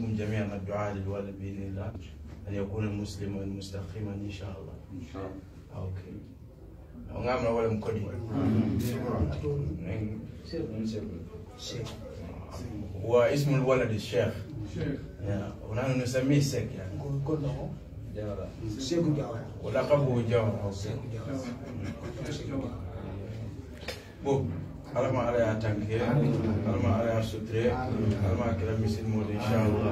جميعا الدعاء للوالد باذن الله ان يكون مسلما مستقيما ان شاء الله. ان شاء الله. اوكي. ونعم ong'amna wale mkodi واسم الولد الشيخ ونحن نسميه سيك يعني ولقبه جوهر بو alama ala y'a tanke alama ala y'a suture alama kɛra misilimoolu inchallah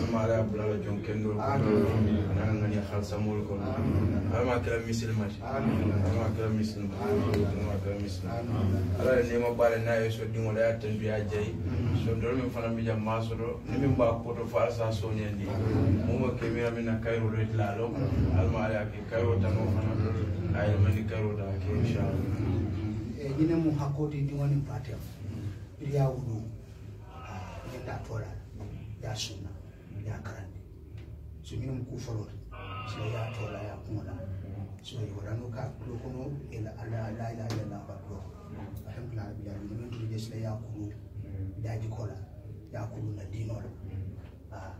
alama ala y'a bulala jon kendol kono ana ka ŋaniya halisamolu kono alama kɛra misilimati alama kɛra misilima alama kɛra misilima ala ye nema baale n'a ye so diŋo la y'a tendu y'a jayi sondoro min fana bi jam maa soto ni min b'a koto fo ala saa sooñandi mumo kemiya min na kayirolo itila lo alama ala y'a ke kayiro tanoo fana a yɛlɛmani kayiro daa ke ina mu hakoti ni wani batem ya wudu ya tora ya suna ya karande su ina mu kufaro su ya tora ya kuma so yorano ka kulo ila ala ala ila ila ba do alhamdulillah rabbil alamin min tuje sila ya kulu daji kola ya kulu na dino la ah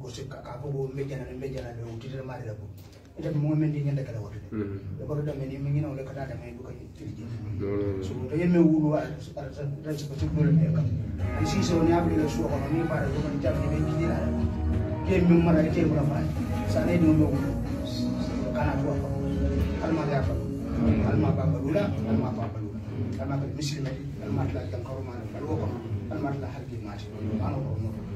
go se ka ka bo me jana me jana le utire mare la bo ita mo men di nyanda kala wodo de ko do men mi ngina wala kala da mai buka tirji so to yemme wulu wa ar ran so to dole ne kam ai si so ne abri da so ko mi fara ko ni tan almarhum ki almarhum ke almarhum mara almarhum mura fa almarhum ne do almarhum kana to fa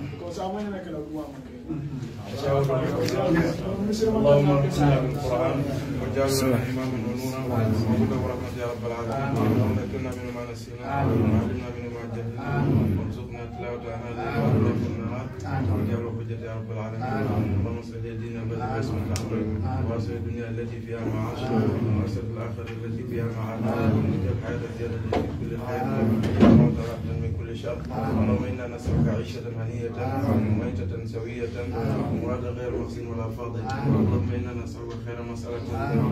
وسامحنا انك لو اللهم انصرنا بالقران وجعلنا اماما ونورا وهدى ورحمه يا رب العالمين اللهم اكلنا منما نسينا وعلمنا منما جهلنا وارزقنا تلاوه هذه الايات في النهار وجعل حجه يا رب العالمين اللهم اصلح ديننا بدل اسمك امرك واصلح الدنيا التي فيها معاشنا واصلح الاخره التي فيها معادنا واجعل الحياه زياده في كل خير شر اللهم انا نسالك عيشه هنيه وميته سويه ومرادا غير محسن ولا فاضل اللهم انا نسالك خير مساله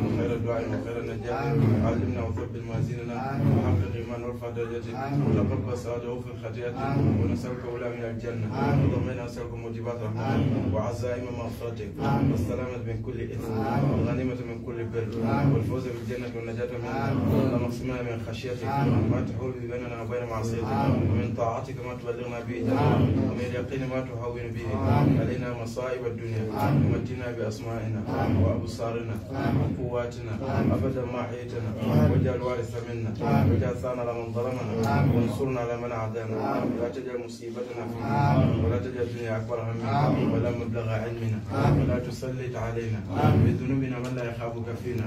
وخير الدعاء وخير النجاة علمنا وثبت موازيننا وحقق ايمان وارفع درجتنا وتقبل السعاده وفق خطيئتنا ونسالك اولى من الجنه اللهم انا نسالك موجبات رحمتك وعزائم مغفرتك والسلامه من كل اثم والغنيمه من كل بر والفوز بالجنه والنجاه منها اللهم اقسمنا من خشيتك ما تحول بيننا وبين معصيتك ومن طاعتك ما تبلغنا به ومن اليقين ما تهون به علينا مصائب الدنيا ومتنا بأسمائنا وأبصارنا وقواتنا أبدا ما حيتنا واجعل وارث منا واجعل ثانا لمن ظلمنا وانصرنا على من عدانا ولا تجعل مصيبتنا فينا ولا تجعل الدنيا أكبر همنا ولا مبلغ علمنا ولا تسلط علينا بذنوبنا من لا يخافك فينا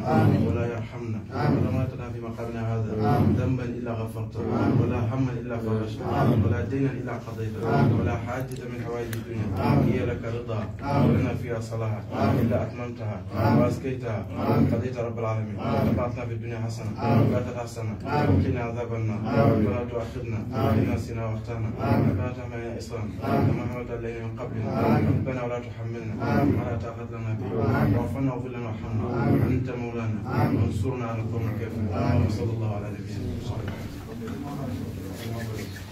ولا يرحمنا ولا ما في مقامنا هذا ذنبا إلا غفرته ولا هما إلا فرجته ولا دينا الا قضيته ولا حاجة من حوائج الدنيا هي لك رضا ولنا فيها صلاح الا اتممتها وازكيتها قضيت رب العالمين رفعتنا في الدنيا حسنة ولا حسنة وقنا عذاب النار ولا تؤاخذنا ان نسينا واخطانا ربنا تهمنا يا اسلام كما حملت علينا من قبلنا ربنا ولا تحملنا ولا لا طاقة لنا به وعفنا واغفر لنا وارحمنا انت مولانا وانصرنا على القوم الكافرين صلى الله على نبينا محمد